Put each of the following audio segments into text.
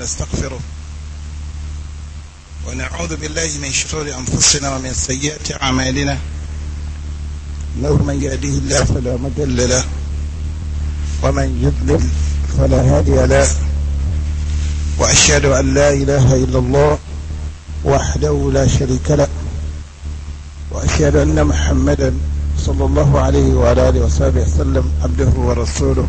نستغفره ونعوذ بالله من شرور أنفسنا ومن سيئات أعمالنا انه من يهده الله فلا مضل له ومن يضلل فلا هادي له وأشهد أن لا إله إلا الله وحده لا شريك له وأشهد أن محمدا صلى الله عليه وعلى آله وصحبه وسلم عبده ورسوله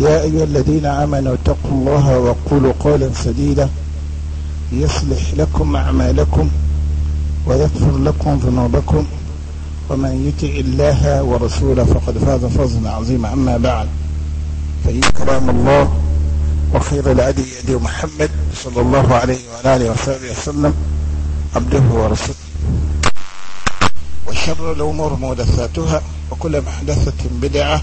يا أيها الذين آمنوا اتقوا الله وقولوا قولا سديدا يصلح لكم أعمالكم ويغفر لكم ذنوبكم ومن يطع الله ورسوله فقد فاز فوزا عظيما أما بعد فإن كلام الله وخير الهدي هدي محمد صلى الله عليه وعلى آله وصحبه وسلم عبده ورسوله وشر الأمور محدثاتها وكل محدثة بدعة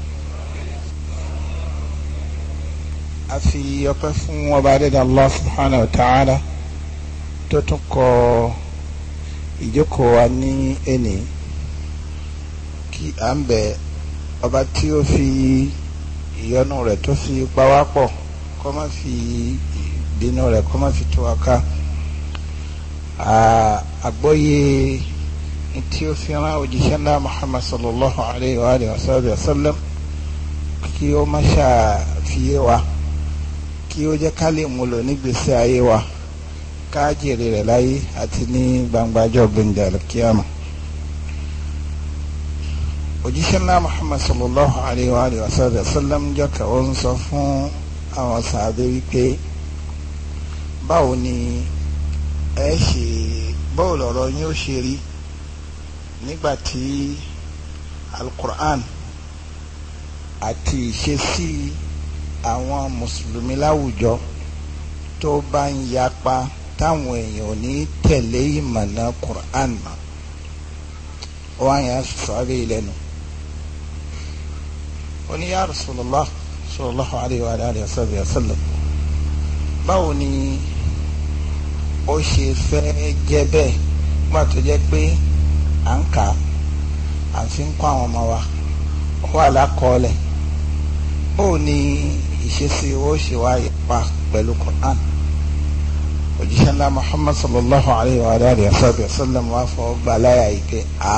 a fi ọpẹ́ fún ọba adéda Allah subhanahu wa ta'ala tó tún kọ ìjókòó wa ní ẹnì kí à ń bẹ ọba tí ó fi ìyọ́nú rẹ̀ tó fi pawápọ̀ kó má fi ìbínú rẹ̀ kó má fi tú wa ká àgbọ́yé tí ó fi rán òjíṣẹ́ ńlá Muhammad sallallahu alayhi wa sallam kí ó má ṣàfiyé wa kí ó jẹ́ ká lè múlò nígbèsè ayé wa ká jèrè rẹ̀ láyé àti ní gbangbajọ́ gbẹ̀ngà kíámà òjíṣẹ́ ńlá Muhammad sallallahu alayhi wa alihi wa sallam jọ́kà ó ń sọ fún àwọn sàádé wípé báwo ni ẹ ṣe báwo lọ̀rọ̀ yín ó ṣe rí nígbà tí alukur'an àti ìṣesí. àwọn mùsùlùmí láwùjọ tó bá ń yapa táwọn èèyàn ò ní tẹ̀lé ìmọ̀nà Qur'an mọ́ wọ́n á yàn sọ́ọ́bẹ̀ ìlẹ́nu. ó ní ya Rasulullah sallallahu alayhi wa alihi báwo ni ó ṣe fẹ́ jẹ́ bẹ́ẹ̀ nígbà tó jẹ́ pé à ń kà á fi ń àwọn wa ó ni. ìṣesí wọ́n ṣe wá ipa pẹ̀lú Quran òjíṣẹ́ ńlá Muhammad sallallahu alayhi wa alayhi wa sallam sallam wa fọ ọgbà láyà ìpè a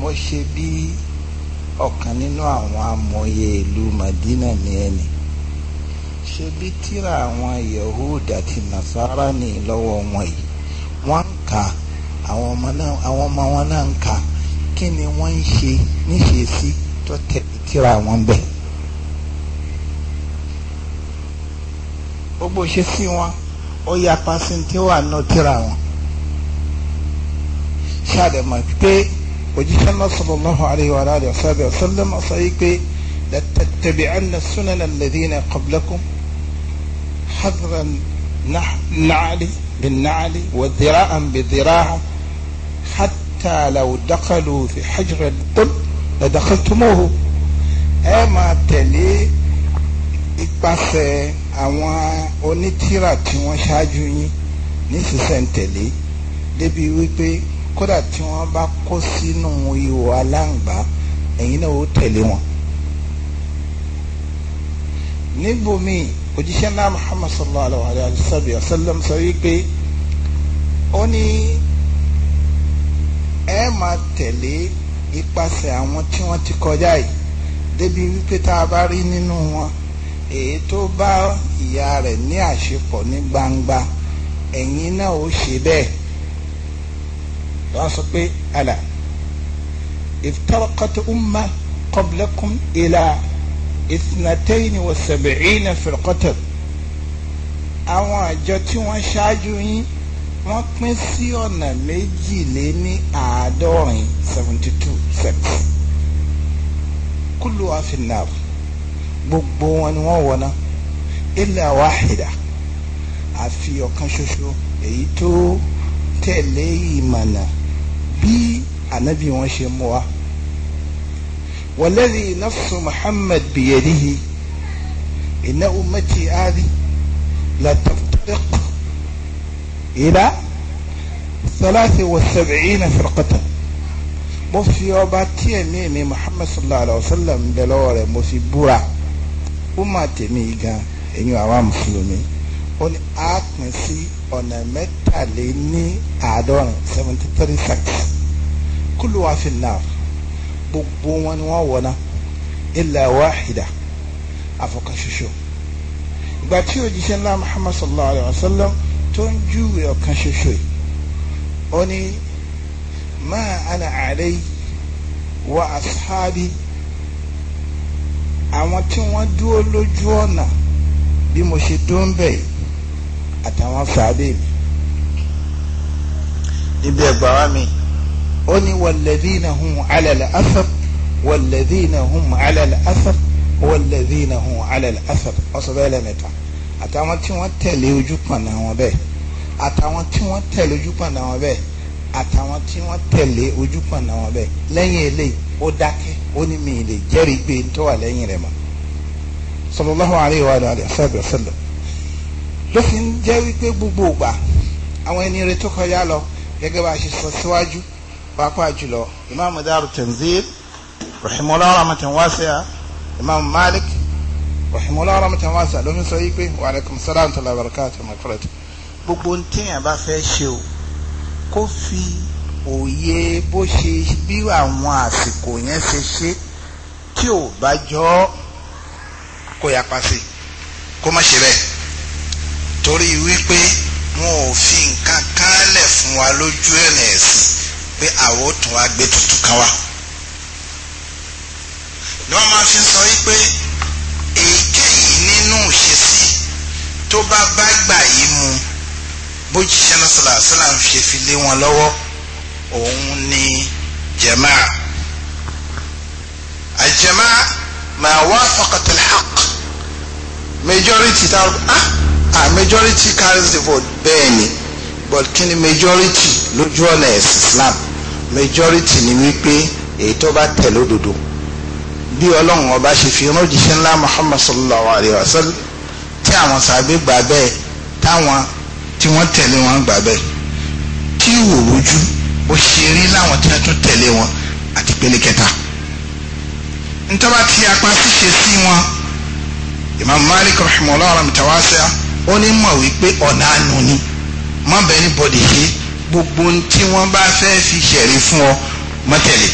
mo ṣe bí ọ̀kan nínú àwọn amòye ìlú Madina ní ẹni ṣe bí tíra àwọn Yahuda àti Nasara ní lọ́wọ́ wọn yìí wọ́n ń ka àwọn ọmọ wọn náà ń ka kí ni wọ́n ń ṣe níṣe sí tó tẹ̀ tíra wọn bẹ́ẹ̀. gbogbo ṣe sí wọn ó yapa sí tí ó wà nù tíra wọn ṣàdẹ̀mọ̀ pé òjíṣẹ́ náà sallallahu alaihi wa alihi wa sallam sọ yìí pé la tattabi'anna sunana alladhina qablakum hadra na'ali bin na'ali wa dhira'an bi dhira'a hatta law dakhalu fi hajra al-dubb la dakhaltumuhu máa tẹ̀lé ipasẹ̀ àwọn onítìrà tí wọ́n ṣáájú yín nísinsìnyí débi wípé kódà tí wọ́n bá kó sínú ihò aláǹgbá ẹ̀yin náà ó tẹ̀lé wọn. níbòmí òjíṣẹ́ náà Muhammad sallallahu alayhi wa sallam sọ wípé ó ní ẹ máa tẹ̀lé ipasẹ̀ àwọn tí wọ́n ti kọjá yìí débi wípé tá a bá rí nínú wọn èyí tó bá ìyá rẹ̀ ní àṣepọ̀ ní gbangba ẹ̀yin náà ó ṣe bẹ́ẹ̀ wọ́n sọ pé àlà iftaraqat umma qablakum ila ithnatayn wa sab'ina firqatan àwọn àjọ tí wọ́n ṣáájú yín wọ́n pín sí ọ̀nà méjìléní àádọ́rin seventy two sets kúlù àfìnàfù gbogbo wọn ni wọ́n wọ̀nà illa wahida àfi ọ̀kan ṣoṣo èyí tó tẹ̀lé ìmọ̀nà bí ànábì wọn ṣe mú wa walladhi nafsu Muhammad biyadihi inna ummati adi la taftariq ila thalathi wa sab'ina firqatan mo fi ọba tí ẹ̀mí mi Muhammad sallallahu alayhi wa sallam bẹ̀ lọ́wọ́ mo fi búra ó mà tèmi gan ẹ̀yin àwa mùsùlùmí ó ní a pín sí ọ̀nà mẹ́tàléní àádọ́rin seventy three sects kúlù wá fi nà gbogbo wọn ni wọ́n wọ̀ náà illa wahida àfọkànṣoṣo ìgbà tí òjíṣẹ́ ńlá muhammad sallallahu alayhi wa sallam tó ń júwe ọ̀kan yìí ó ní ma ana alayhi wa ashabi àwọn tí wọ́n dúró lójú ọ̀nà bí mo ṣe dúró ń bẹ̀ àtàwọn fàábẹ́ mi. níbi ẹgbàá wa mi. ó ní walladhina hum ala al-athar walladhina hum ala al-athar walladhina hum ala al-athar ọ̀sọ̀ lẹ́mẹ̀ta àtàwọn tí wọ́n tẹ̀lé ojú pọ̀nà wọn bẹ́ẹ̀ àtàwọn tí wọ́n tẹ̀lé ojú pọ̀nà wọn bẹ́ẹ̀ àtàwọn tí wọ́n tẹ̀lé ojú pọ̀nà wọn bẹ́ẹ̀ lẹ́yìn eléyìí ó dákẹ́ ó ní mi lè jẹ́rìí pé tó wà lẹ́yìn rẹ̀ mọ́ sallallahu alayhi wa alayhi wa sallam ló fi ń jẹ́ wípé gbogbo ìgbà àwọn ẹni rẹ̀ tó kọjá lọ gẹ́gẹ́ bá a ṣe sọ síwájú pàápàá jùlọ imaamu daaru tanzil rahimahullah rahmatan wasi'a imaamu malik rahimahullah rahmatan wasi'a ló fi sọ yí wa alaykum salaam wa rahmatullahi gbogbo ntẹ́yìn bá fẹ́ ṣe o kó fi òye bó ṣe bí àwọn àsìkò yẹn ṣe ṣe tí ò bá jọ kó yapa sí kó má ṣe bẹ́ẹ̀ torí wípé wọn ò fi nǹkan kan fún wa lójú ẹ̀nà ẹ̀sìn pé àwọn ò tún wá gbé tuntun kan wá ni wọ́n máa fi sọ wípé èyíkéyìí nínú ìṣesí tó bá bá gbà yìí mu bó jíṣẹ́ náà sọ̀rọ̀ àṣàlà ń ṣe fi lé wọn lọ́wọ́ òun ni jamaa aljamaa ma wafaqat alhaq majority ta ah ah majority carries the vote bẹ́ẹ̀ ni but kí ni majority lójú ọ̀nà ẹ̀sìn islam majority ni wípé èyí tó bá tẹ̀ lódodo bí ọlọ́run ọba ṣe fi rán òjíṣẹ́ ńlá muhammad sallallahu alayhi wa sallam tí àwọn sàbí gbà bẹ́ẹ̀ táwọn tí wọ́n tẹ̀lé wọn gbà bẹ́ẹ̀ tí wò lójú bó ṣe rí láwọn tí wọ́n tún tẹ̀lé wọn àti pélé kẹta ntọ́ba ti apá ṣíṣe sí wọn Imam Malik rahimahullah rahmatawasa ó ní mọ̀ wípé ọ̀nà àánú ni má bẹ́ẹ̀ ní bọ́dì ṣe gbogbo tí wọ́n bá fẹ́ fi ṣẹ̀rí fún ọ mọ́tẹ̀lẹ̀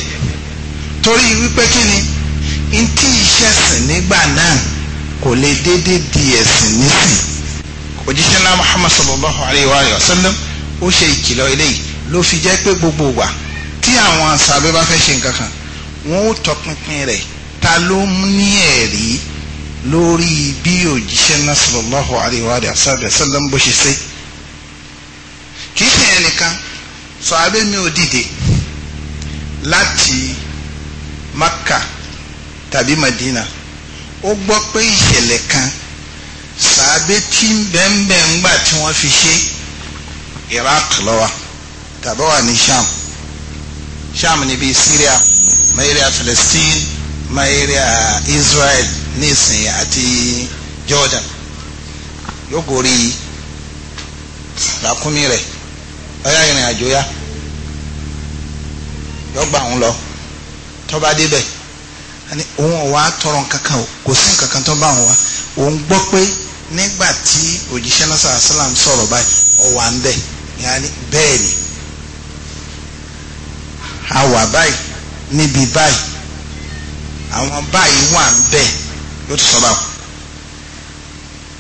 torí wípé kí ni ntí iṣẹ́ sìn nígbà náà kò lè déédéé di ẹ̀sìn nísìn òjíṣẹ́ náà Muhammad sallallahu alayhi wa sallam ó ṣe ìkìlọ̀ eléyìí ló fi jẹ́ pé gbogbo wa tí àwọn sàbẹ̀ bá fẹ́ ṣe nǹkan kan wọ́n ó tọpinpin rẹ̀ ta ló ní ẹ̀rí lórí bí òjíṣẹ́ náà sallallahu alaihi wa sallam bó ṣe ṣe kì í ṣe ẹnìkan sọ abẹ́mi ò dìde láti Makka tàbí Madina ó gbọ́ pé ìṣẹ̀lẹ̀ kan sàbẹ́ tí bẹ́ẹ̀ bẹ́ẹ̀ ń gbà tí wọ́n fi ṣe Iraq lọ́wọ́ tàbí ni ní sham sham ní bíi syria maeria palestine maeria israel nísìn àti jordan yóò gorí ràkúnmí rẹ̀ ọyá ìrìn àjò yá yóò gbà òun lọ tọ́ba débẹ̀ òun ò wá tọrọ kankan o kò sí nǹkan kan tó bá òun wá òun gbọ́ pé nígbà tí òjíṣẹ́ náà sàlám sọ̀rọ̀ báyìí ó wà ń bẹ̀ bẹ́ẹ̀ ni a wà báyìí níbi báyìí àwọn báyìí wà ń bẹ̀ ló ti sọ bá kú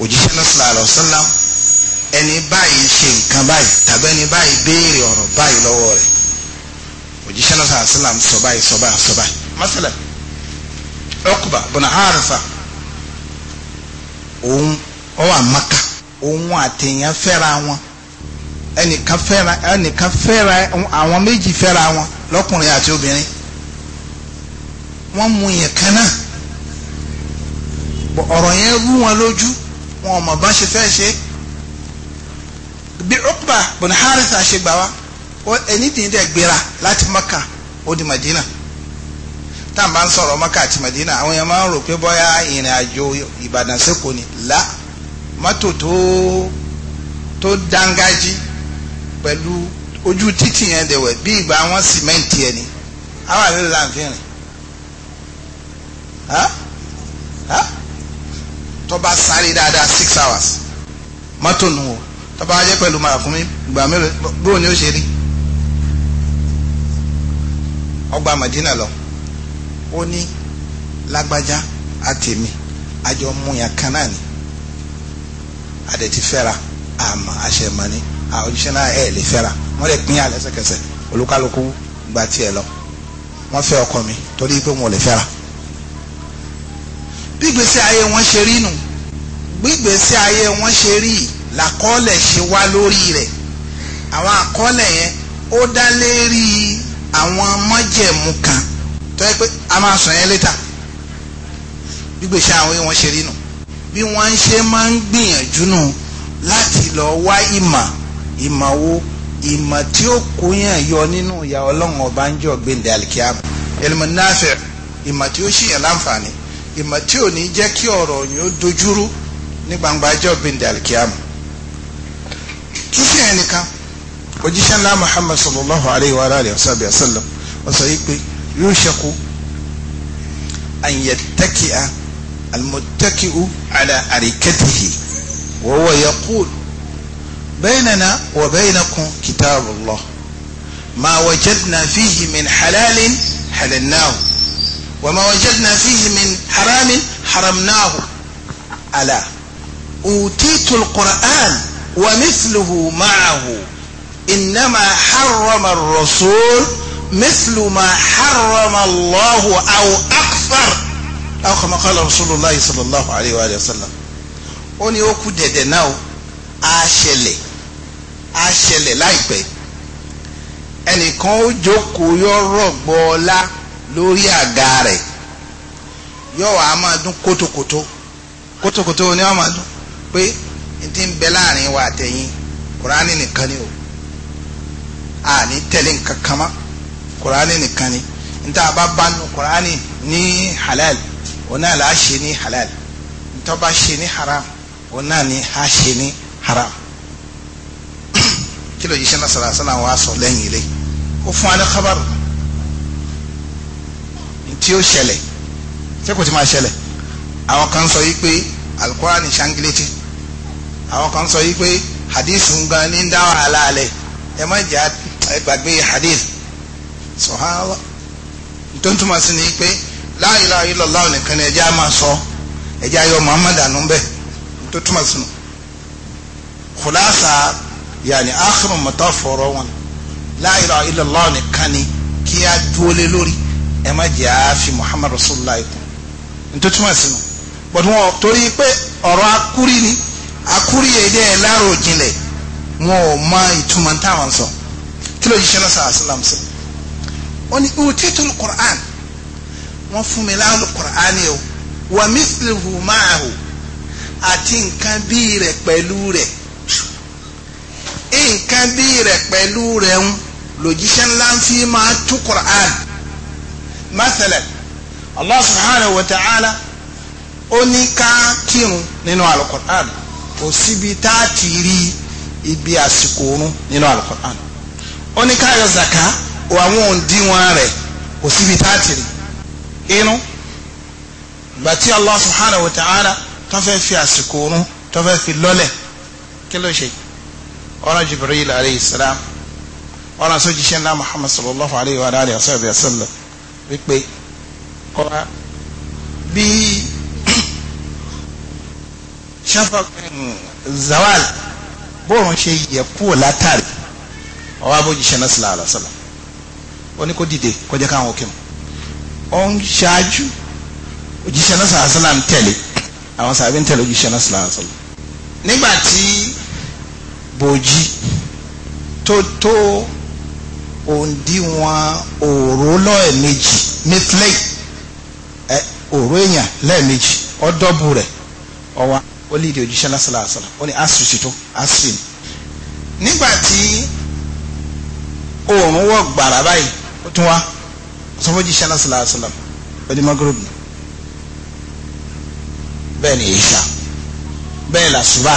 òjíṣẹ́ náà sallallahu alaihi wasallam ẹni báyìí ṣe nǹkan báyìí tàbí ẹni báyìí béèrè ọ̀rọ̀ báyìí lọ́wọ́ rẹ̀ òjíṣẹ́ náà sallallahu alaihi wasallam sọ báyìí sọ báyìí sọ báyìí masala Uqba bùnà àrùfà òun ọwọ́ àmàkà òun àtẹ̀yàn fẹ́ra wọn ẹnìkan fẹ́ra ẹnìkan fẹ́ra àwọn méjì fẹ́ra wọn lọ́kùnrin àti obìnrin wọ́n mu yẹn kan náà ọ̀rọ̀ yẹn rú wọn lójú wọn ọmọ bá ṣe fẹ́ ṣe bí Uqba bin Haritha ṣe gbà wá ẹni tí ń dẹ̀ gbéra láti Maka ó Madina tá à ń ń sọ̀rọ̀ Maka àti Madina àwọn èèyàn máa ń rò pé bóyá ìrìn àjò Ìbàdàn sẹ́kọ̀ọ́ ni là mọ́tò tó tó dángájí pẹ̀lú ojú títì yẹn dẹ̀wẹ̀ bí ìgbà wọn sìmẹ́ǹtì ẹni àwọn àlejò là ń fi rìn tó bá sáré dáadáa six hours mọ́tò nù o tó bá jẹ́ pẹ̀lú màkúmí gbà mélòó bóun ni ó ṣe rí ọgbà Madina lọ ó ní lágbájá àtẹ̀mí àjọ múyàn kan náà ni àdẹ̀tí fẹ́ra àmọ́ àṣẹmọ́ni àwọn òjíṣẹ́ náà ẹ̀ lè fẹ́ra wọ́n lè pín alẹ́ sẹ́kẹsẹ̀ olúkálukú gba tiẹ̀ lọ wọ́n fẹ́ ọkọ mi torí pé wọn ò lè fẹ́ra bí gbèsè ayé wọn ṣe rí nù bí gbèsè ayé wọn ṣe rí làkọọ́lẹ̀ ṣe wá lórí rẹ̀ àwọn àkọọ́lẹ̀ yẹn ó dá lérí àwọn mọ́jẹ̀mú kan tó yẹ pé a máa sọ yẹn létà bí gbèsè wọn ṣe rí nù bí wọ́n ṣe máa ń gbìyànjú nù láti lọ wá ìmọ̀ ìmọ̀ wo ìmọ̀ tí ó kó yàn yọ nínú ìyà ọlọ́run ọba ń jọ gbẹ̀ndẹ̀ alikiam ilmu nafi ìmọ̀ tí ó ṣìyàn láǹfààní ìmọ̀ tí ò ní jẹ́ kí ọ̀rọ̀ yìí ó dojúrú ní gbangba jọ gbẹ̀ndẹ̀ alikiam kíkẹ́ ẹnìkan òjíṣẹ́ ńlá muhammad sallallahu alayhi wa alayhi wa sábẹ́ sallam yìí pé yóò ṣẹ́kù an yattaki'a al-muttaki'u ala arikatihi wa بيننا وبينكم كتاب الله ما وجدنا فيه من حلال حللناه وما وجدنا فيه من حرام حرمناه ألا أوتيت القرآن ومثله معه إنما حرم الرسول مثل ما حرم الله أو أكثر أو كما قال رسول الله صلى الله عليه وآله وسلم أني أكو ديدناو á ṣẹlẹ̀ á ṣẹlẹ̀ láìpẹ́ ẹnìkan ó jókòó yọ rọ̀gbọ́ ọlá lórí àga rẹ̀ yọ wàá máa dún kótókótó kótókótó ni wọ́n máa dún pé n ti ń bẹ láàrin wa àtẹ̀yìn kùránì nìkan ni o àní tẹ̀lé nǹkan kan mọ́ kùránì nìkan ni n tá a bá bá nu kùránì ní halal òun náà là ṣe ní halal n tó bá ṣe ní haram òun náà ni a ṣe ní haram kí ló yí sẹ́nà sàrà sàrà wọn aṣọ lẹ́yìn ilé ó fún wa ní kábàrù tí ó ṣẹlẹ̀ ṣé kò ti máa ṣẹlẹ̀ àwọn kan sọ yìí pé alukurani ṣangileti àwọn kan sọ yìí pé hadith ngan ní dá wàhálà alẹ ẹ má jà ẹ hadith subhanallah tó ń túmọ̀ sí ni pé la ilaha illallah nìkan ni ẹjẹ́ á máa sọ ẹjẹ́ ayọ̀ muhammad ànú bẹ́ẹ̀ tó sí nu kùlásà yàní ákìrùn mọ́tò fọ̀rọ̀ wọn la ilaha illallah nìkan ni kí a dúró lé lórí ẹ má jẹ́ àáfi muhammad rasulillah ikú nítorí túmọ̀ sínú bọ̀dù wọn torí pé ọ̀rọ̀ akúrí ni akúrí èdè ẹ̀ láàrọ̀ òjìnlẹ̀ wọn ò mọ ìtumọ̀ táwọn sọ kí ló yí ṣẹlẹ̀ sọ àṣìlám sọ ó ní ìwò títún qur'an wọn fún mi láàlú qur'an yìí o wà mísìlì hù máa hù àti nǹkan bíi nǹkan bí rẹ̀ pẹ̀lú rẹ̀ ń lòjíṣẹ́ ńlá ń fi máa tú Qur'an mathalan Allah subhanahu wa ta'ala ó ní ká kírun nínú al-Qur'an kò síbi tá a ti rí ibi àsìkò oorun nínú al-Qur'an ó ní ká yọ zaka àwọn òǹdíwọ̀n rẹ̀ kò síbi tá a ti rí inú gbàtí Allah subhanahu wa ta'ala tó fẹ́ fi àsìkò oorun tó fẹ́ fi lọ́lẹ̀ kí ló ṣe yìí ọ̀rọ̀ Jibril alayhi salam ọ̀rọ̀ sójíṣẹ́ ńlá Muhammad sallallahu alayhi wa alayhi wa sallam wípé kọ́ra bí shafaq zawal bóun ṣe yẹ kúrò látàrí ọwọ́ abójíṣẹ́ náà sallallahu alayhi wa sallam ó ní kó dìde kọjá káwọn òkè mu ó ń ṣáájú òjíṣẹ́ náà sallallahu alayhi wa sallam tẹ̀lé àwọn sàbí ń tẹ̀lé òjíṣẹ́ náà sallallahu alayhi wa sallam nígbà tí ìbòjì tó tó òǹdíwọ̀n òòró lọ́ẹ̀mejì mithlay ẹ òòró èèyàn lẹ́ẹ̀mejì ọ̀dọ́bù rẹ̀ ọ̀wá ó lè di òjíṣẹ́ lásìlàsìlà ó ní asiri ti tó asiri ni nígbà tí oòrùn wọ̀ gbàrà báyìí ó tún wá sọ fún òjíṣẹ́ lásìlàsìlà ó ní bẹ́ẹ̀ ni èyí sá bẹ́ẹ̀ làṣùbà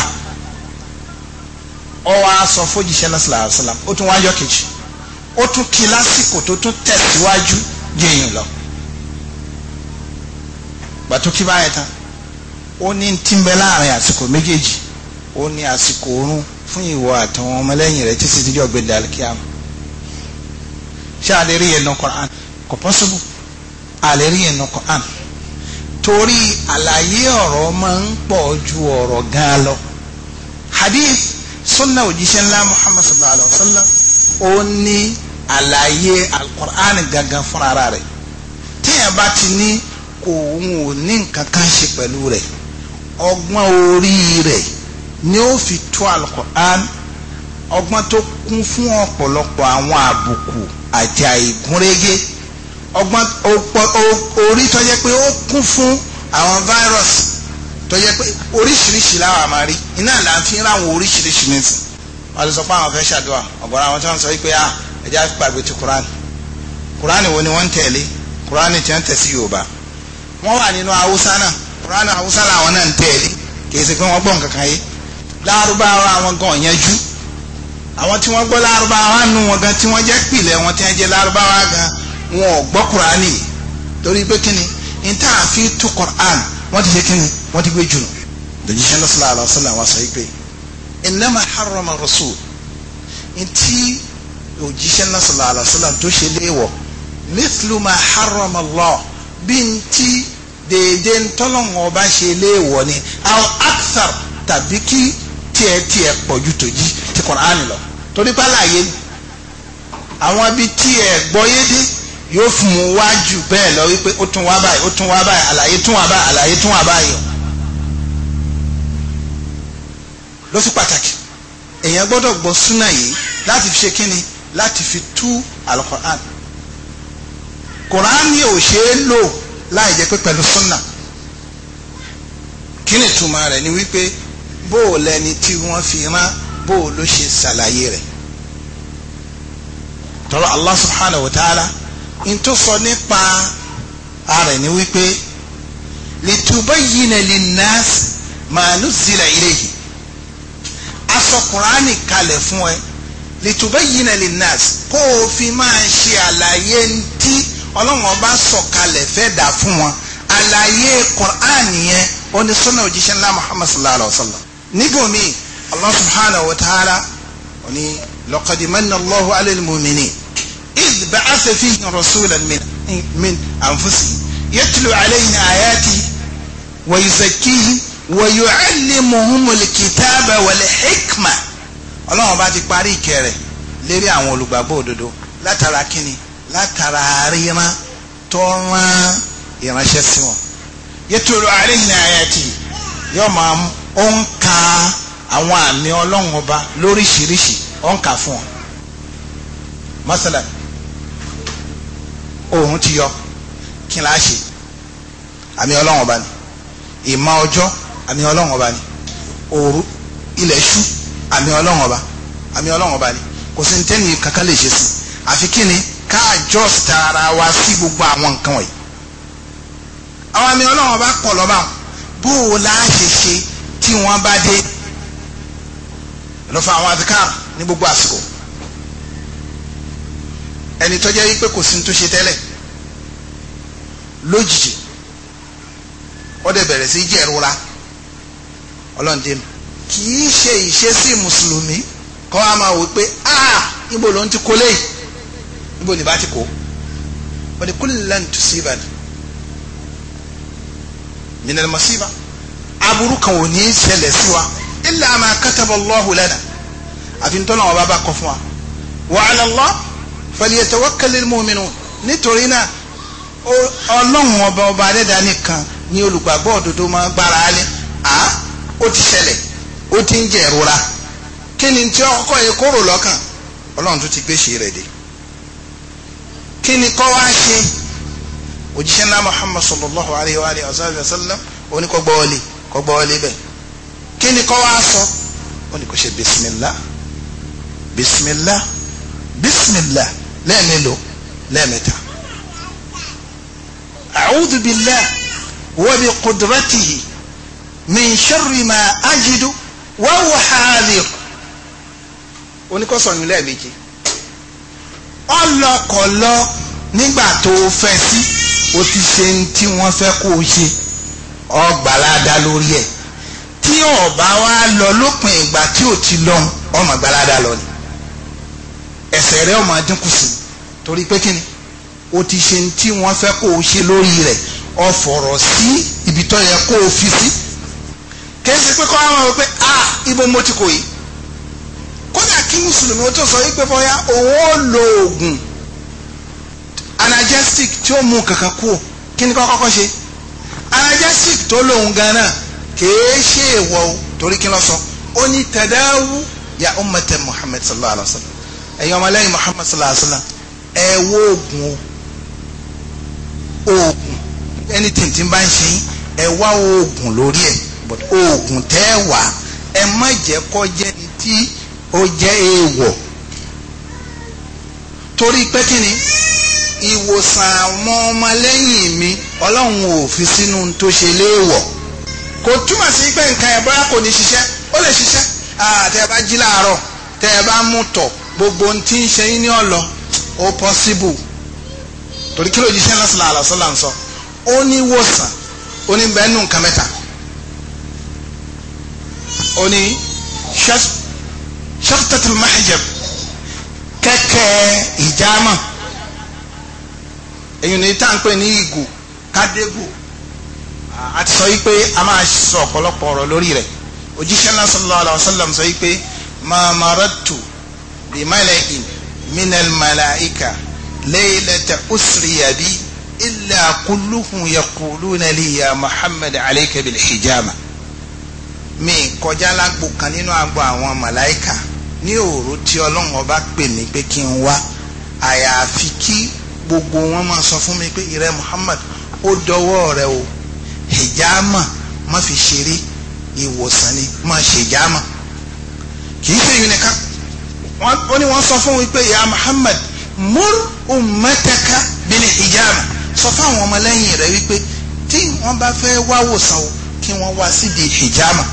ọ wá sọ fójíṣẹ́ lásìlá àṣàlá ó tún wáyọ kejì ó tún kí lásìkò tó tún tẹ̀síwájú ju èèyàn lọ gbàtó kí báyẹn tán ó ní tí ń bẹ láàrin àsìkò méjèèjì ó ní àsìkò oorun fún ìwọ àtàwọn ọmọlẹ́yìn rẹ títí tí yóò gbẹdẹ alikiam ṣé a rí yẹn nù Quran kò possible a rí yẹn nù Quran torí àlàyé ọ̀rọ̀ máa ń pọ̀ ju ọ̀rọ̀ gan lọ hadith sunna òjíṣẹ́ ńlá muhammad sallallahu alayhi wa sallam ó ní àlàyé alukur'an gangan fúnra ara rẹ̀ téèyàn bá ti ní kò òun ò ní nǹkan kan ṣe pẹ̀lú rẹ̀ ọgbọ́n orí rẹ̀ ni ó fi tó alukur'an ọgbọ́n tó kún fún ọ̀pọ̀lọpọ̀ àwọn àbùkù àti àìgúnrégé ọgbọ́n orí tó jẹ́ pé ó kún fún àwọn virus tó yẹ pé oríṣiríṣi láwọn àmàrí iná là ń fi ń ráwọn oríṣiríṣi nísìn wọn ti sọ pé àwọn fẹ́ ṣàdúrà ọ̀gọ́n àwọn tó ń sọ wípé ah ẹja gbàgbé ti Quran Quran wo ni wọ́n ń tẹ̀lé Quran ti ń tẹ̀sí Yorùbá wọ́n wà nínú Haúsá náà Quran Haúsá làwọn náà ń tẹ̀lé kì í ṣe pé wọ́n gbọ́ nǹkan kan yé lárúbáwá àwọn gan yanjú àwọn tí wọ́n gbọ́ lárúbáwá nù wọn gan tí wọ́n jẹ́ pìlẹ̀ wọn tí wọ́n jẹ́ lárúbáwá Quran wọ́n ti ṣe kí ni wọ́n ti gbé jùlọ lòjíṣẹ́ náà sallallahu alaihi wasallam wọn sọ yìí pé innama harrama rasul ntí òjíṣẹ́ náà sallallahu alaihi wasallam tó ṣe léèwọ̀ mithlu ma harrama Allah bí ntí dèédé ntọ́lọ́wọ́n ọba ṣe léèwọ̀ ni aw akthar tàbí kí tiẹ̀ tiẹ̀ pọ̀jù tòjí ti Kùránì lọ torí pé àlàyé àwọn ibi tiẹ̀ gbọ́yé dé yóò fún un wá jù bẹ́ẹ̀ lọ wípé ó tún wá báyìí ó tún wá báyìí àlàyé tún wá báyìí àlàyé tún wá báyìí o ló fi pàtàkì èèyàn gbọ́dọ̀ gbọ́ súnà yìí láti fi ṣe kíni láti fi tú alukoran koran yóò ṣe é lò láì jẹ́ pé pẹ̀lú súnà kíni ìtumọ̀ rẹ̀ ni wípé bó o lẹni tí wọ́n fi rán bó o ló ṣe ṣàlàyé rẹ̀ tọ́lọ́ Allah subhanahu wa ta'ala n tó sọ nípa ara ẹ̀ ni wípé litubayyina linnas ma nuzila ilayhi aṣọ kùránì kalẹ̀ fún ẹ litubayyina linnas kó o fi máa ṣe àlàyé ntí ọlọ́wọ́n bá sọ kalẹ̀ fẹ́ dà fún wọn àlàyé kùránì yẹn ó ní sọ́nà òjíṣẹ́ ńlá muhammad sallallahu alayhi wa sallam nígbòmí allah subhanahu wa ta'ala ó ní laqad manna allahu alal إذ بعث فيهم رسولا من من أنفسهم يتلو عليهم آياته ويزكيهم ويعلمهم الكتاب والحكمة Ọlọ́run bá ti parí ìkẹrẹ̀ lérí àwọn olùgbàgbọ́ òdodo látara kíni látara ríran tó rán ìránṣẹ́ sí wọn yẹtùrú àárín àyàtì yóò máa ó ń ka àwọn àmì Ọlọ́run ọba lóríṣiríṣi ó ń kà fún wọn. masalan òun ti yọ kí n láà ṣe àmì ọlọ́run ọba ni ìmọ̀ ọjọ́ àmì ọlọ́run ọba ni òru ilẹ̀ ṣú àmì ọlọ́run ọba àmì ọlọ́run ọba ni kò sí ní tẹ́ni kankan lè ṣe sí àfi kí ni ká àjọsìn ara wa sí gbogbo àwọn nǹkan wọ̀nyí àwọn àmì ọlọ́run ọba pọ̀ lọ́ba bó o láà ṣe ṣe tí wọ́n bá dé lọ́fọ̀ àwọn àdìkà ní gbogbo àsìkò. ẹni ikpe jẹ́ wípé kò sí ní tẹ́lẹ̀ lójijì ó bẹ̀rẹ̀ sí jẹ̀rora ọlọ́ndé mi kì í ṣe ìṣesí mùsùlùmí kọ́ a máa wò pé ah níbo ló ń ti kó léyìí níbo ni bá ti kó ó aburú kan ò ní ṣẹlẹ̀ sí wa ma kataba àfi kọ fún wa ala Allah. falyatawakkalil mu'minun nítorí náà ọlọ́run ọba ọba adẹ́dá nìkan ni olùgbàgbọ́ òdodo máa gbára lé à ó ti ṣẹlẹ̀ ó ti ń jẹ ìrora kí ni tí ọkọ̀ yẹ kóró lọ́kàn ọlọ́run tó ti gbé rẹ̀ dé kí ni kọ́ wá ṣe òjíṣẹ́ ńlá muhammad sallallahu alayhi wa alihi wa sallam oníkọ́gbọ́ ọlẹ́ kọ́gbọ́ ọlẹ́ bẹ́ẹ̀ kí ni kọ́ wá sọ ó ní kò ṣe bismillah bismillah bismillah lẹ́ẹ̀mélòó lẹ́ẹ̀mẹ́ta. a'udhu billahi wa bi qudratihi min sharri ma ajidu wa huwa haadir. oníkọ́sọ̀ yín lẹ́ẹ̀mejì ọlọkọlọ nígbà tó o fẹ́ sí o ti ṣe ní tí wọ́n fẹ́ kó o ṣe ọgbàládá lórí ẹ̀ tí ọba wa lọ lópin ìgbà tí ò ti lọ ọmọ gbàládá lọ ni ẹsẹ̀ rẹ ọmọ adínkù sí i torí pé kíni o ti ṣe tí wọ́n fẹ́ kó o ṣe lórí rẹ̀ ọ fọ̀rọ̀ sí ibi tó yẹ kó o fi sí kìí ṣe pé kọ́ ọ́n wọ́n pé a ibo mo ti kò yìí kódà kí mùsùlùmí ó tó sọ wípé bóyá òun ó lo oògùn analgesic tí ó mú kankan kú kí ni kọ́ kọ́kọ́ ṣe analgesic tó lòun ganan kìí ṣe èèwọ̀ o torí kí ló sọ ó ní tadawu ya ummata Muhammad sallallahu alaihi wa sallam ẹ̀yin ọmọlẹ́yìn Muhammad sallallahu alaihi wa sallam ẹ wo oògùn o oògùn anything tí n bá ń ṣe yín ẹ wá oògùn lórí ẹ but oògùn tẹ́ ẹ wá ẹ má jẹ́ kó jẹ́ ní tí ó jẹ́ èèwọ̀ torí pé kí ni ìwòsàn àwọn ọmọlẹ́yìn mi ọlọ́run ò fi sínú tó ṣe léèwọ̀ kò túmọ̀ sí pé nǹkan ẹ̀ bóyá kò ní ṣiṣẹ́ ó lè ṣiṣẹ́ àtẹ̀ jí láàárọ̀ tẹ̀ bá mú tọ̀ gbogbo ohun tí ń ṣe yín ní ọ̀lọ́ ó possible torí kí ló jíṣẹ́ ńlá sọ̀lá àlọ́sọ́lá ń sọ ó ní wòsàn ó ní bẹ́ẹ̀ nù nǹkan mẹ́ta ó ní ṣẹ́fútẹ́tì mahajab kẹ́kẹ́ ìjàmà èyí ni tá à ń pè ní ìgò kádégò a ti sọ yìí pé a máa sọ ọ̀pọ̀lọpọ̀ ọ̀rọ̀ lórí rẹ̀ òjíṣẹ́ ńlá sọ̀lá àlọ́sọ́lá ń sọ yìí pé màmá rẹ̀ tù من الملائكة ليلة أسري بي إلا كلهم يقولون لي يا محمد عليك بالحجامة mi kọjá lágbo kan nínú agbo àwọn màláìka ní òru tí ọlọ́run ọba pè mí pé kí n wá àyàfi kí gbogbo wọn máa sọ fún mi pé ìrẹ Muhammad ó dọwọ́ rẹ o hijama má fi ṣeré ìwòsàn ni má ṣe hijama kì í ṣe yìí nìkan wọ́n ní wọ́n sọ fún wípé ya Muhammad mur ummataka bil hijama sọ fáwọn ọmọlẹ́yìn rẹ̀ wípé tí wọ́n bá fẹ́ wá wòsàn o kí wọ́n wá síbi hijama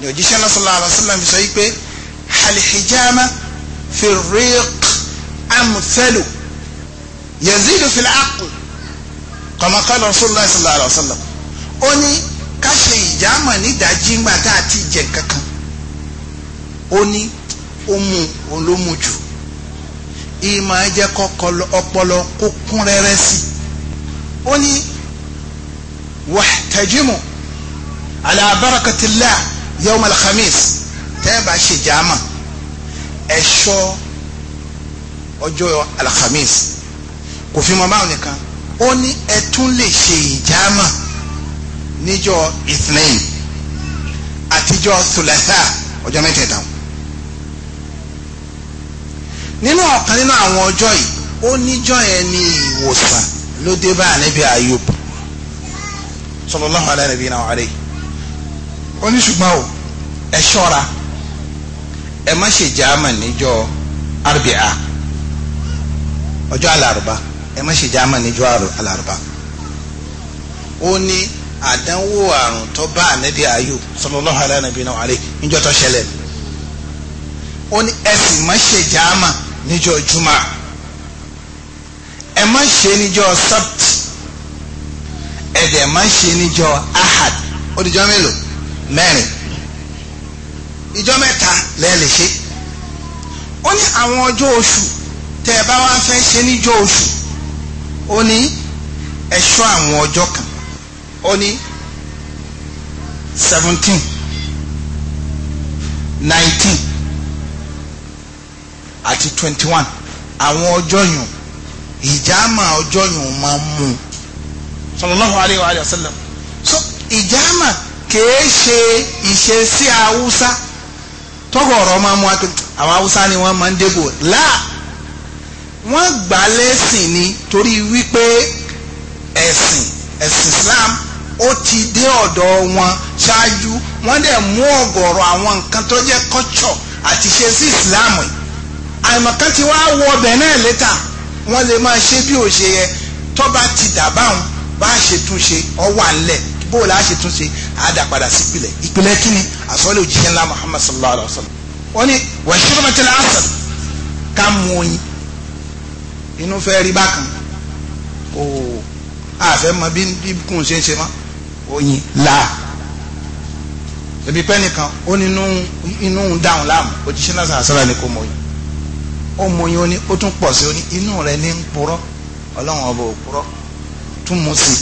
ní òjíṣẹ́ náà sallallahu alaihi wasallam fi sọ wípé alhijama fi riq amthalu yazidu fil aql kama qala rasulullah sallallahu alaihi wasallam ní ká ṣe hijama nídàájí ńgbà tá a ti jẹ kankan ó ní ó mú òun ló mú jù ìmọ̀ ẹ̀jẹ̀ kọ́kọ́ ọpọlọ kó kún rẹ́rẹ́ sí i ó ní wahtajimu ala barakatillah yawm al-khamis tẹ́ẹ̀bà ṣe jàmà ẹ̀ṣọ́ ọjọ́ al-khamis kò fi mọ báwọn nìkan ó ní ẹ tún lè ṣe ìjàmà níjọ́ ithnain àtijọ́ thulatha ọjọ́ mẹ́tẹ̀ẹ̀ta nínú ọ̀kan nínú àwọn ọjọ́ yìí ó níjọ́ yẹn ní ìwòsàn ló dé bá ànábì Ayub sallallahu alaihi nabiyina wa alayhi ó o ẹ ṣọ́ra ẹ má ṣe jáàmà níjọ́ arbia ọjọ́ alárùbá ẹ má ṣe jáàmà níjọ́ alárùbá ó ní àdánwò àrùn tó bá ànábì Ayub sallallahu alaihi nabiyina wa alayhi níjọ́ tó ṣẹlẹ̀ ó ní ẹ sì má ṣe jáàmà níjọ́ juma ẹ má ṣe níjọ́ sabt ẹ dẹ̀ má ṣe níjọ́ ahad ó dijọ́ mélòó mẹ́rin ìjọ́ mẹ́ta lẹ́ẹ̀lẹ̀ ṣe ó ní àwọn ọjọ́ oṣù tẹ́ ẹ bá wá fẹ́ ṣe níjọ́ oṣù ó ní ẹ̀ṣọ́ àwọn ọjọ́ kan ó ní seventeen nineteen àti twenty one àwọn ọjọ́ yùn ìjàmà ọjọ́ yùn máa ń mú un sallallahu alayhi wa sallam so ìjàmà kèé ṣe ìṣesí haúsá tọ́gọ̀ ọ̀rọ̀ máa mú akpé àwọn haúsá ni wọ́n máa ń dégò láà wọ́n gbà lẹ́sìn ni torí wípé ẹ̀sìn ẹ̀sìn Islam ó ti dé ọ̀dọ̀ wọn ṣáájú wọ́n dẹ̀ mú ọ̀gọ̀rọ̀ àwọn nǹkan tó jẹ́ culture àti ṣe sí Islam yìí àìmọ̀kan ti wá wọ ọbẹ̀ náà létà wọ́n lè máa ṣe bí ò ṣe yẹ tọ́ba ti dà báwọn bá a ṣe tún ṣe ọwọ́ àlẹ́ bó o la ṣe tún padà sí ìpìlẹ̀ ìpìlẹ̀ kí ni àsọ̀lẹ̀ òjíṣẹ́ ńlá Muhammad sallallahu alayhi wa sallam wọ́n ní wàṣírọ́mọtẹ́lẹ̀ asad ká mú oyin inú fẹ́ rí bákan o àfẹ́ mọ bí kùn ṣe ń ṣe mọ́ oyin là ẹbí pẹ́ nìkan ó nínú inú ń dáhùn láàmú òjíṣẹ́ náà sàásàrà ni kò mọ oyin. ó mọyún ó ní ó tún pọ̀ sí ó ní inú rẹ̀ ní ń purọ́ ọlọ́run ọba ò purọ́ tún mú sí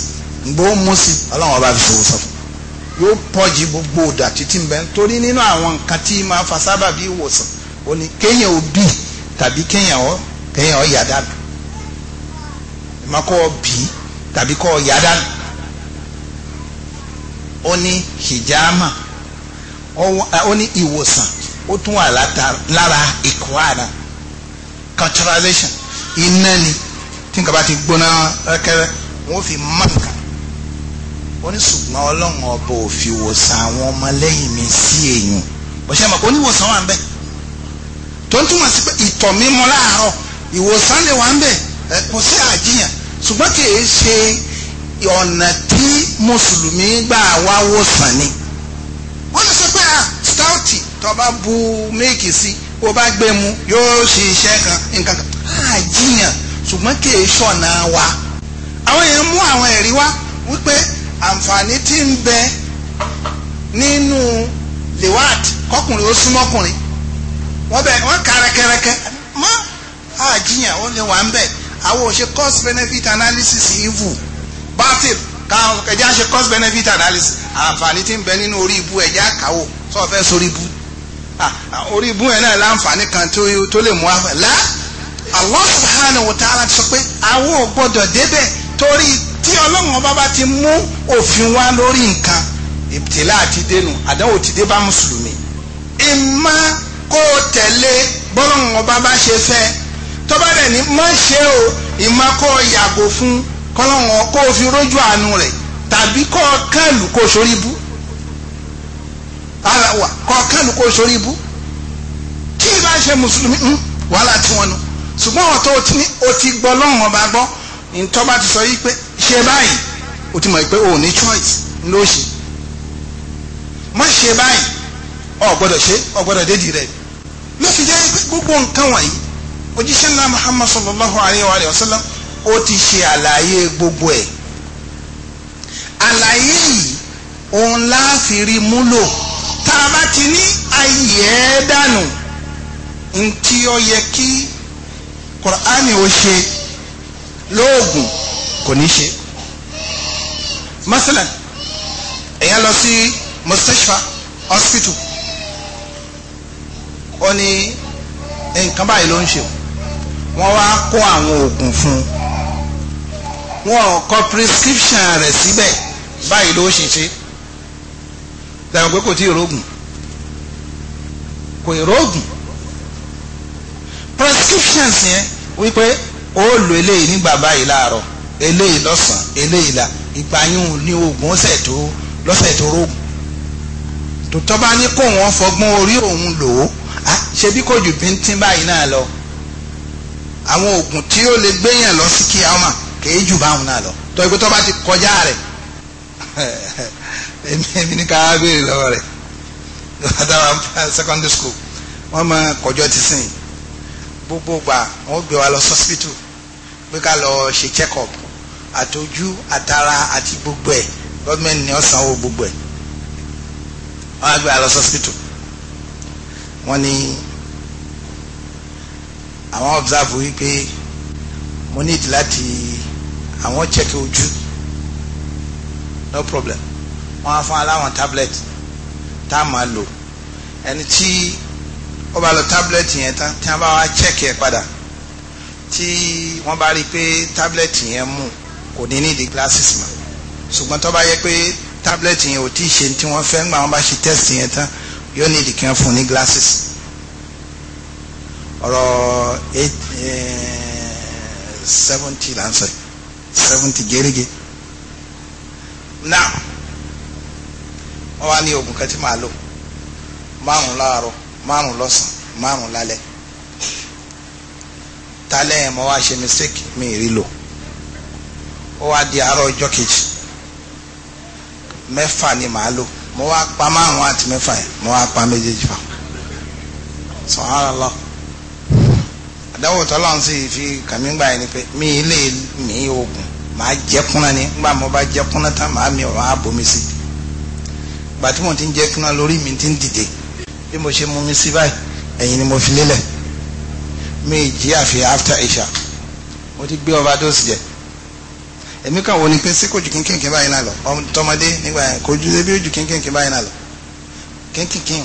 gbó mú sí ọlọ́run ọba fi fòwò sọ fún yóò gbogbo òdà títí bẹ́ẹ̀ torí nínú àwọn nǹkan tí máa fa sábà bí ìwòsàn ó ní kéèyàn ò bì tàbí kéèyàn ọ kéèyàn ọ yà dànù ìmọ̀ kọ́ ọ bì tàbí ọ ní hijama ó ní ìwòsàn ó tún wà àná culturalization iná ni tí nǹkan bá ti gbóná rẹ́kẹ́rẹ́ wọ́n fi má nǹkan wọ́n ní ṣùgbọ́n ọlọ́run ọba ò fi wòsàn àwọn ọmọlẹ́yìn mi sí èèyàn bọ́sẹ̀ mọ̀ kó níwòsàn wà ń bẹ̀ tó ń túmọ̀ sí pé ìtọ̀ mímọ́ láàárọ̀ ìwòsàn lè wà ń bẹ̀ kò sí àjíyàn ṣùgbọ́n kì í ṣe ọ̀nà tí mùsùlùmí gbà wá wòsàn ni wọ́n lè sọ pé ah stout tó bá bu méèkì sí i bó bá gbé mu yóò ṣe iṣẹ́ kan nǹkan kan á jiyàn ṣùgbọ́n kìí ṣọ̀nà wa àwọn èèyàn mú àwọn ẹ̀rí wá wípé àǹfààní tí ń bẹ nínú lewat kọkùnrin ó súnmọ́kùnrin wọ́n bẹ wọ́n kára kẹrẹkẹ mọ́ á ó lè wà ń bẹ̀ àwọn ò ṣe cost benefit analysis evil batil káwọn ẹ̀jẹ̀ á ṣe cost benefit analysis àǹfààní tí ń bẹ nínú orí ibu ẹ̀jẹ̀ àkàwò sọ fẹ́ sórí ibu orí ibú yẹn náà láǹfààní kan tó lè mú àfẹ́ lá Allah subhanahu wa ta'ala ti sọ pé àwọn ò gbọdọ̀ débẹ̀ torí tí ọlọ́run ọba bá ti mú òfin wá lórí nǹkan ìbtìlá àti dénú àdánwò ti dé bá mùsùlùmí ìmá kó tẹ̀lé bọ́lọ́run ọba bá ṣe fẹ́ tọ́ba rẹ̀ ní má ṣe o ìmá kó yàgò fún kọ́lọ́run kó o fi rójú àánú rẹ̀ tàbí kó o kẹ́lù kó o ṣorí bú ara wa kọ̀ọ̀kan kò sórí ibú tí ìbá ṣe mùsùlùmí ń hmm, wàhálà tí wọn nu ṣùgbọ́n wọn tó o ti gbọ́ lọ́hùn ọba gbọ́ ntọ́ bá ti sọ yìí pé ṣe báyìí o ti mọ̀ pé o ní choice ló ṣe má ṣe báyìí o gbọ́dọ̀ ṣe o gbọ́dọ̀ dédìí rẹ̀ ló fi jẹ́ pé gbogbo nǹkan wọ̀nyí òjíṣẹ́ ńlá Muhammad sallallahu alayhi wa sallam ó ti ṣe àlàyé gbogbo ẹ̀ àlàyé yìí òun láàfin rí múlò tá a bá ti ní ayé ẹ dànù ntí ó yẹ kí kùránì ó ṣe lóògùn kò ní ṣe masalan èèyàn lọ sí mustashfa hospital ó ní nǹkan báyìí ló ń ṣe wọ́n wá kó àwọn oògùn fún un kọ prescription rẹ̀ síbẹ̀ báyìí ló ṣe ṣe dàgbà pé kò tí ì rògùn kò ì rògùn prescriptions yẹn wípé ó lo eléyìí nígbà báyìí láàárọ̀ eléyìí lọ́sàn eléyìí la ìgbàyún ní oògùn ọ̀sẹ̀ tó lọ́sẹ̀ tó rògùn tòótọ́ bá ní kó wọn fọgbọ́n orí òun lò ó ṣe bí kò jù bíntín báyìí náà lọ àwọn oògùn tí ó lè gbéyàn lọ sí kíámà kèé jù báwọn náà lọ tọ́ ìgbé tó bá ti kọjá rẹ̀ èmi ní ká béèrè lọ́wọ́ rẹ̀ lọ́wọ́ secondary school wọ́n mọ kọjọ́ ti sìn gbogbo gbà wọ́n gbé wa lọ hospital pé ká lọ ṣe check up àtọ́jú àtara àti gbogbo ẹ̀ gọ́ọ̀mẹ̀ntì ni ó sanwó gbogbo ẹ̀ wọ́n gbé wa lọ hospital wọ́n ní àwọn observe wípé mo need láti àwọn check ojú no problem wọ́n á fún aláwọn tablet tá a máa lò ẹni tí ó bá lò tablet yẹn tán tí wọ́n bá wá check yẹn padà tí wọ́n bá rí i pé tablet yẹn mú kò ní ní di glasses mọ́ ṣùgbọ́n tó bá yẹ pé tablet yẹn ò tí ì ṣe tí wọ́n fẹ́ ńgbà wọ́n bá ṣe test yẹn tán yóò ní ìdí kí wọ́n fún ní glasses ọ̀rọ̀ eh, seventy là ń sọ seventy gẹ́gẹ́ now wọ́n wá ní oògùn kan tí màá lò márùn láàárọ̀ márùn lọ́sàn márùn lálẹ́ talẹ́ yẹn mo wá ṣe mistake mi rí lò ó wá di àárọ̀ ọjọ́ kejì mẹ́fà ni màá lò mo wá pa márùn àti mẹ́fà yẹn mo wá pa méjèèjì pa sọ̀hánàlá àdáwò tọ́lá ń sì fi kàmígbà yẹn ni pé mi ilé mi oògùn màá jẹ́ kúnná ni nígbà mo bá jẹ́ kúnná tán màá mi ọ̀rọ̀ àbòmí sí i gbàtí mo ti ń jẹ kíná lórí mi ti ń dìde bí mo ṣe mú mi sí báyìí ẹ̀yìn ni mo fi lélẹ̀ mi jí àfi after isha mo ti gbé overdose jẹ èmi kàn wo ni pé sí kò ju kínkìnkín báyìí náà lọ tọmọdé nígbà yẹn kò ju ebi ojú kínkìnkín báyìí náà lọ kínkìnkín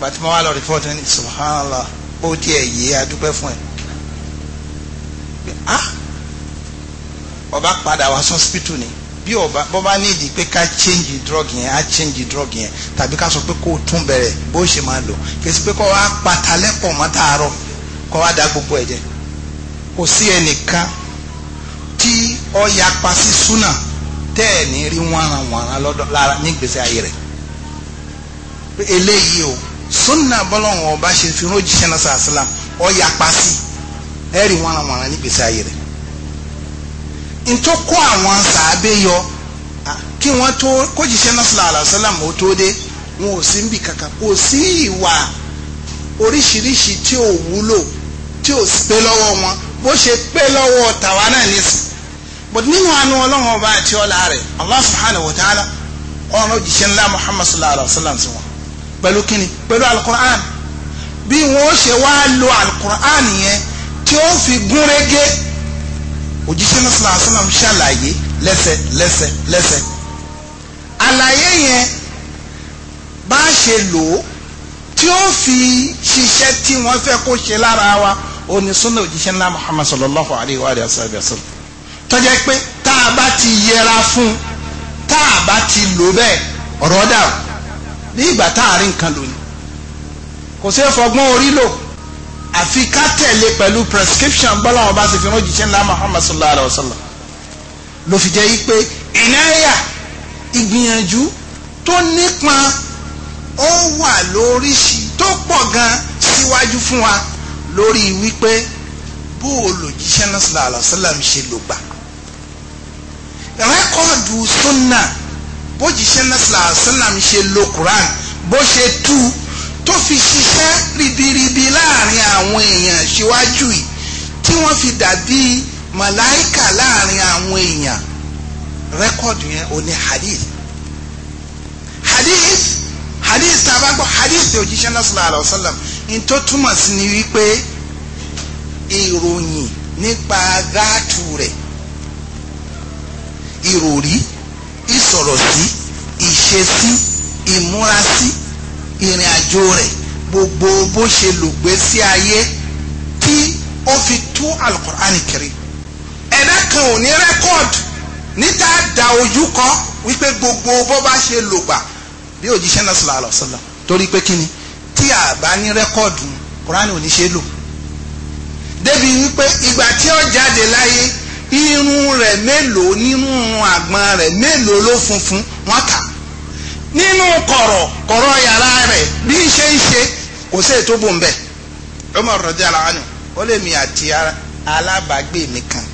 gbàtí mo wá lọ rìpọ́tù ní subhanallah ó tiẹ̀ yé adúpẹ́ fún ẹ ah! ọba padà wá sọ́sìpítù ni bí ọba bọ́ bá nídìí pé ká change drug yẹn á change drug yẹn tàbí ká sọ pé kó o tún bẹ̀rẹ̀ bó ṣe máa lò kèsì pé kọ́ wa patalẹ́ pọ̀ mọ́ tààrọ̀ kọ́ wa da gbogbo ẹ̀jẹ̀ kò sí ẹnìkan tí ó yapa sí súnà tẹ́ ẹ̀ ní rí wọ́nran wọ́nran lọ́dọ̀ lára nígbèsè ayé rẹ̀ eléyìí o súnà bọ́lọ́wọ́n ọba ṣe fi rójì ṣẹ́nà sàásìlám ó yapa sí ẹ̀rí wọ́nran wọ́nran nígbèsè ayé rẹ̀ n tó kó àwọn sàábé yọ kí wọ́n tó kójíṣẹ́ náà sallallahu alaihi wasallam ó tó dé wọn ò sí níbi kankan kò sí ìwà oríṣiríṣi tí ò wúlò tí ò pé lọ́wọ́ wọn bó ṣe pé lọ́wọ́ tàwa náà nísìn but nínú àánú ọlọ́run ọba àti ọlá rẹ̀ allah subhanahu wa ta'ala ọ̀run òjíṣẹ́ ńlá muhammad sallallahu alaihi wa sallam sí wọn pẹ̀lú kíni pẹ̀lú alukur'an bí wọ́n ṣe wá lo alukur'an yẹn tí ó fi gúnrégé òjíṣẹ́ náà sọ̀rọ̀ àṣọ náà ń ṣàlàyé lẹ́sẹ̀ lẹ́sẹ̀ lẹ́sẹ̀ àlàyé yẹn bá a ṣe lò ó tí ó fi ṣiṣẹ́ tí wọ́n fẹ́ kó ṣe lára wa ó ní súnà òjíṣẹ́ ńlá Muhammad sallallahu alayhi wa sallam tó pé tá a bá ti yẹra fún tá a bá ti lò bẹ́ẹ̀ ọ̀rọ̀ dà ní ìgbà tá a rí nǹkan lò ní kò sí ẹ̀fọ́gbọ́n orí lò àfi ká tẹ̀lé pẹ̀lú prescription bọ́lá wọn bá ti fi wọ́n ńlá Muhammad sallallahu alayhi wa sallam ló fi jẹ́ yí pé ìnáyà ìgbìyànjú tó nípọn ó wà lóríṣi tó pọ̀ gan síwájú fún wa lórí wípé bó o lò jíṣẹ́ ńlá sallallahu alayhi wa sallam ṣe lò gbà rẹ́kọ̀dù sunna bó jíṣẹ́ ńlá sallallahu alayhi wa sallam ṣe lò Quran bó ṣe tú u tó fi ṣiṣẹ́ ribiribi láàrin àwọn èèyàn síwájú yìí tí wọ́n fi dàbí màláìkà láàrin àwọn èèyàn rẹ́kọ̀dù yẹn ò ní hadith hadith hadith tá a bá gbọ́ hadith tí òjíṣẹ́ náà sallallahu alaihi wasallam ní tó túmọ̀ sí ni wípé ìròyìn nípa gáàtù rẹ̀ ìròrí ìsọ̀rọ̀sí ìṣesí ìmúrasí ìrìn àjò rẹ̀ gbogbo bó ṣe lògbé sí ayé tí ó fi tú alukur'ani kiri ẹ̀dá kan ò ní rẹ́kọ̀dù níta da ojú kọ wípé gbogbo bó bá ṣe lògbà bí òjíṣẹ́ náà sallallahu alaihi wasallam torí pé kíni tí a bá ní rẹ́kọ̀dù kur'ani ò ní ṣe lò débi wípé ìgbà tí ó jáde láyé irun rẹ̀ mélòó nínú àgbọn rẹ̀ mélòó ló funfun wọ́n kà nínú kọ̀rọ̀ kọ̀rọ̀ yàrá rẹ̀ bí ń ṣe ń ṣe kò sí ètò bò ń bẹ̀ Umar radiyallahu anhu ó lè mi àti alábàágbé mi kan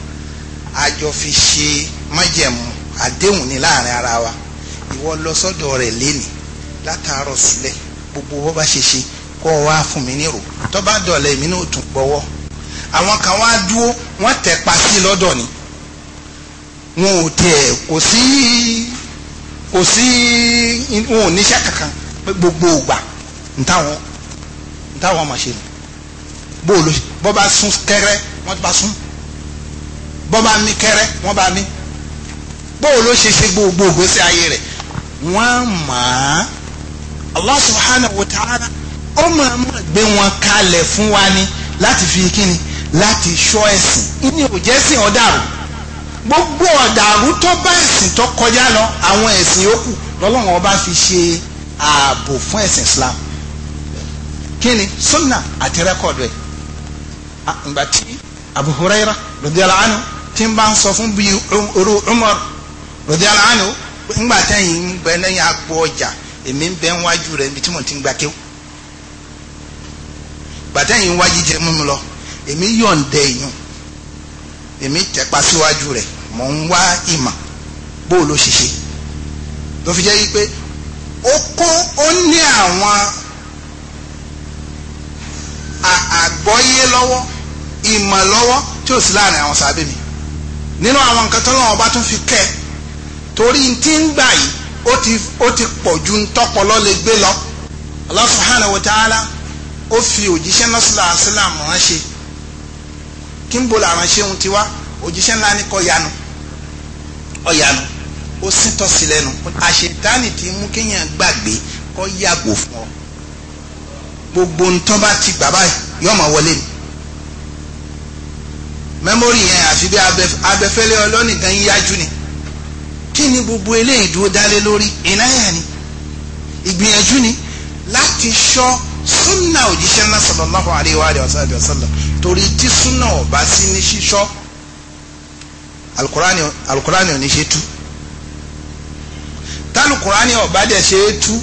àjọ fi ṣe májẹ̀mú àdéhùn ní láàrin ara wa ìwọ lọ sọ́dọ̀ rẹ̀ lénìí látàárọ̀ sílẹ̀ gbogbo owó bá ṣe ṣe kọ́ ọ wá fún mi nírò tó bá dọ̀lẹ́ mi náà tún gbọ́wọ́ àwọn kan wá dúró wọ́n tẹ̀ pa sí lọ́dọ̀ ni wọn ò tẹ̀ kò sí kò sí wọn ò níṣẹ́ kankan gbogbo ògbà ntáwọn ntáwọn máa ṣe nù bóòlù bọ́ bá sún kẹ́rẹ́ wọ́n bá sún bọ́ bá ní kẹ́rẹ́ wọ́n bá ní bóòlù ṣe ṣe gbogbo ògbésí ayé rẹ̀ wọ́n máa Allah subhanahu wa ta'ala ó máa máa gbé wọn kalẹ̀ fún wa ni láti fi kíni láti ṣọ́ ẹ̀sìn ìní òjẹ́sìn ọ̀daràn. gbogbo ọ̀dàrú tó bá ẹ̀sìn tó kọjá lọ àwọn ẹ̀sìn yòókù lọ́lọ́run ọba fi ṣe ààbò fún ẹ̀sìn Islam kí ni sunna àti rẹ́kọ̀dù ẹ̀ ìgbà tí Abu Huraira radiyallahu tí ń bá ń sọ fún bíi Umar radiyallahu Anu ńgbà tẹ́yìn ń bẹ lẹ́yìn ọjà èmi ń bẹ ń wájú rẹ̀ tí mo èmi tẹ̀pa síwájú rẹ̀ mò ń wá ìmọ̀ bó o ló ṣiṣẹ́ tó fi jẹ́ yí pé ó kó ó ní àwọn àgbọ́yé lọ́wọ́ ìmọ̀ lọ́wọ́ tí ò sí láàrin àwọn sábẹ́ mi nínú àwọn nǹkan tó lọ́wọ́ bá tún fi kẹ́ torí tí ń gbà yìí ó ti ó ti pọ̀ ju ntọ́pọ̀lọ́ lè gbé lọ Allah subhanahu wa ta'ala ó fi òjíṣẹ́ náà sílá ránṣẹ́ kí n bolo àránṣẹ́ ohun tiwa òjíṣẹ́ ńlá ní kọ́ yanu ọ̀yanu ó síntọ́ sí lẹ́nu àṣetánì ti mú kéèyàn gbàgbé kọ́ yàgò fún ọ gbogbo ntọ́ bá ti gbà báyìí yóò máa wọlé ni mẹ́mórì yẹn àfi bí abẹ́fẹ́lẹ́ ọlọ́nìkan yájú ni kí ni gbogbo eléyìí dúró dálé lórí ìnáyà ni ìgbìyànjú ni láti ṣọ́ súnà òjíṣẹ́ ńlá sallallahu alaihi wa sallam torí tí súnà ọba sí ní ṣíṣọ́ alukurani alukurani ò ní ṣe tú talukurani ọba dẹ̀ ṣe é tú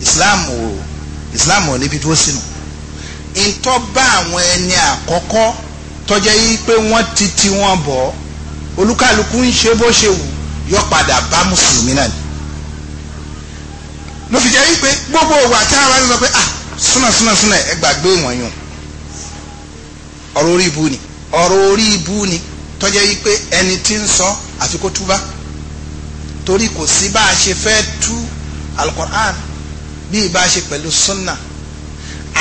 islam ò islam ò níbi tó sínú ntọ́ bá àwọn ẹni àkọ́kọ́ tọ́jẹ́ yìí pé wọ́n ti ti wọn bọ̀ olúkálukú ń ṣe bó ṣe wù yọ padà bá mùsùlùmí náà ni ló fi jẹ́ yìí pé gbogbo òwò àti àwọn ẹni sọ pé ah súnà súnà súnà ẹ gbàgbé wọ̀nyún ọ̀rọ̀ orí ibu ni ọ̀rọ̀ orí ibu ni tó jẹ́ yí pé ẹni tí ń sọ àfi kó túbá torí kò sí bá a ṣe fẹ́ tú alukur'an bí ìbá ṣe pẹ̀lú sunna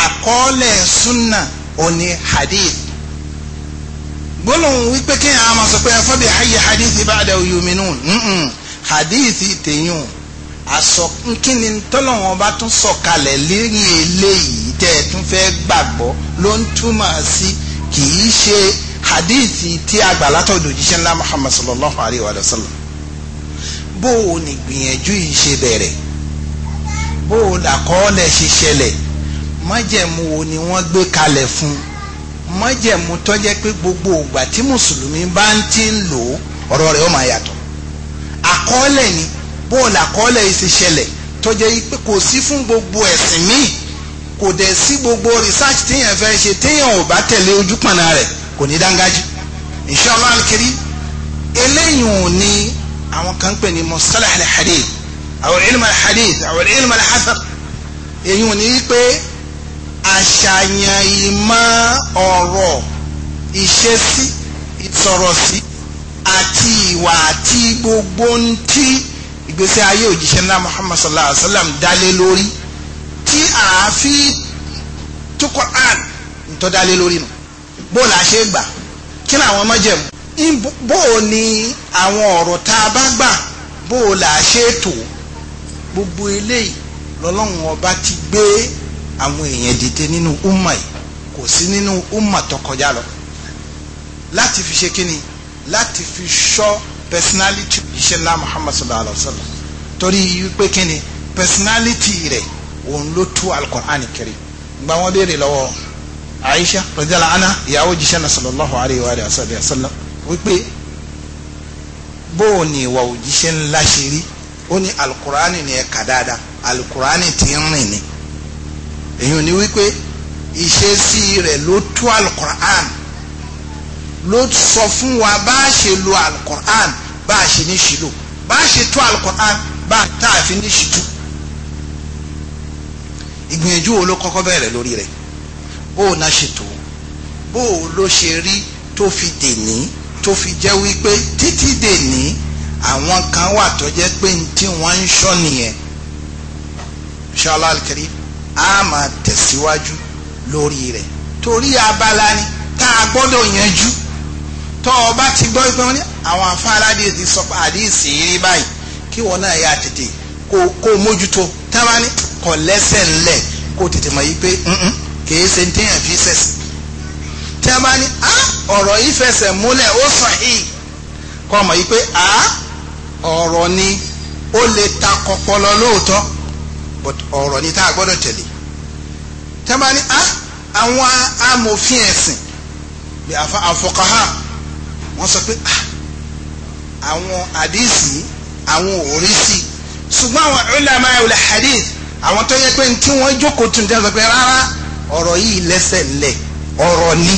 àkọọ́lẹ̀ sunna òní hadith gbólóhùn wípé kí àwọn máa sọ pé ẹfọ́ bí ayé hadith ba'da yu'minun hadith tèyún àsọ kíni tọ́lọ́wọ́n bá tún sọ̀kalẹ̀ lẹ́yìn eléyìí tẹ́ ẹ tún fẹ́ gbàgbọ́ ló ń túmọ̀ sí. Si kì í ṣe hadithi tí a gbà látọ̀dọ̀ òjíṣẹ́ ńlá muhammad sallallahu alayhi wa sallam bó o ní gbìyànjú yìí ṣe bẹ̀rẹ̀ bó o làkọọ́lẹ̀ ṣe ṣẹlẹ̀ májẹ̀mú wo ni wọ́n gbé kalẹ̀ fún májẹ̀mú tó jẹ́ pé gbogbo ìgbà tí mùsùlùmí bá ń ti ń lò ọ̀rọ̀ rẹ̀ ó máa yàtọ̀ àkọọ́lẹ̀ ni bó o làkọọ́lẹ̀ yìí ṣe ṣẹlẹ̀ tó jẹ́ pé kò sí fún gbogbo ẹ̀sìn míì kò dẹ̀ sí gbogbo research téèyàn fẹ́ ṣe téèyàn ò bá tẹ̀lé ojú pọ̀nà rẹ̀ kò ní dángájí inshallah alikiri eléyìí ò ní àwọn kan pè ní mustalah alhadith àwọn ilmu alhadith àwọn ilmu alhathar èyí ò ní pé àṣàyàn ìmọ̀ ọ̀rọ̀ ìṣesí ìsọ̀rọ̀sí àti ìwà àti gbogbo ń ìgbésí ayé òjíṣẹ́ ńlá muhammad sallallahu alaihi wa sallam dálé lórí tí a fi tú an, tó dálé lórí nu bó la ṣe gbà kí làwọn májẹ̀mú bó ni àwọn ọ̀rọ̀ tá a bá gbà bó la ṣe tò gbogbo eléyìí lọ́lọ́run ọba ti gbé àwọn èèyàn dìde nínú umma yìí kò sí nínú umma tó kọjá lọ láti fi ṣe kíni láti fi ṣọ́ personality iṣẹ́ ńlá Muhammadu sallallahu alaihi wa sallam torí wípé kíni personality rẹ̀ òun ló tú alukur'ani kiri gba wọn béèrè lọ́wọ́ Aisha rẹdíàlá ana ìyàwó jíṣẹ́ náà sallallahu alayhi wa sallam wípé bóò ni ìwà òjíṣẹ́ ńlá ṣe rí ó ní alukur'ani ni ẹ kà dáadáa alukur'ani ti ń rìn ni èyí ò wípé ìṣesí rẹ̀ ló tú alukur'an ló sọ fún wa bá a ṣe lo alukur'an bá a ṣe ní ṣìlò bá a ṣe tú alukur'an bá a tá a ní ṣìtú ìgbìyànjú wo ló kọ́kọ́ bẹ̀rẹ̀ lórí rẹ̀ bó o náà ṣètò bó o ló ṣe rí tó fi dèní tó fi jẹ́ wípé títí dèní àwọn kan wà tó jẹ́ pé tí wọ́n ń ṣọ́ nìyẹn ṣọlá kiri a máa tẹ̀síwájú lórí rẹ̀ torí abala ni tá a gbọ́dọ̀ yanjú tọ́ ọ bá ti gbọ́ pé àwọn afárá àdìsí sọ àdìsí rí báyìí kí wọ́n náà yà tètè kó mójútó tá a kọ̀ lẹ́sẹ̀ ńlẹ̀ kó tètè mọ̀ yí pé kìí ṣe téèyàn fi sẹ̀sì tí a bá ní a ah, ọ̀rọ̀ yìí fẹsẹ̀ múlẹ̀ ó sàn yìí kọ́ mọ̀ yí pé a ah, ọ̀rọ̀ ni ó lè ta kọpọlọ lóòótọ́ but ọ̀rọ̀ ni tá a gbọ́dọ̀ tẹ̀lé tí a bá ní a ah, àwọn amòfin ẹ̀sìn bí àfọkàhà wọ́n sọ pé àwọn àdìsí àwọn òrísí ṣùgbọ́n àwọn ulama ul hadith àwọn tó yẹ pé tí wọ́n jókòó tún jẹ́ sọ pé rárá ọ̀rọ̀ yìí lẹ́sẹ̀ lẹ̀ ọ̀rọ̀ ni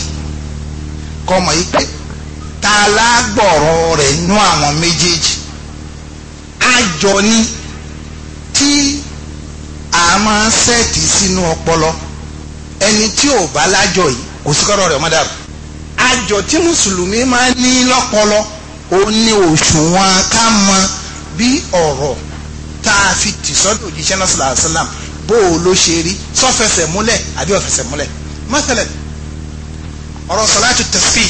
kọ́mọ yìí pé ta lágbọ̀rọ̀ rẹ̀ nú àwọn méjèèjì àjọ ni tí a máa ń sẹ́ẹ̀tì sínú ọpọlọ ẹni tí ò bá lájọ yìí kò sí kọ́rọ̀ rẹ̀ mọ́dàrú àjọ tí mùsùlùmí máa ń ní lọ́pọlọ òun ni òṣùwọ̀n ká mọ bí ọ̀rọ̀ tá a fi tì sọ́dọ̀ òjíṣẹ́ náà sọ̀rọ̀ àṣàlám bó o ló ṣe rí sọ́fẹsẹ̀ múlẹ̀ àbí ọ̀fẹsẹ̀ múlẹ̀ mọ́tẹ́lẹ̀ ọ̀rọ̀ sọ̀láàtù tẹ̀sí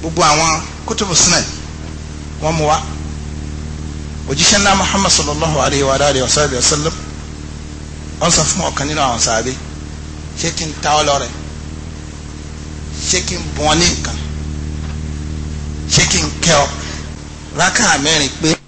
gbogbo àwọn kútùbù sunan wọ́n mú wa òjíṣẹ́ náà muhammad sallallahu alayhi wa alayhi wa sallam wa sallam wọ́n sọ fún ọ̀kan nínú àwọn sàbẹ̀ ṣé kí n ta ọ lọ rẹ̀ ṣé kí n bọ́n ní nǹkan ṣé kí n kẹ́ ọ rákà mẹ́rin pé.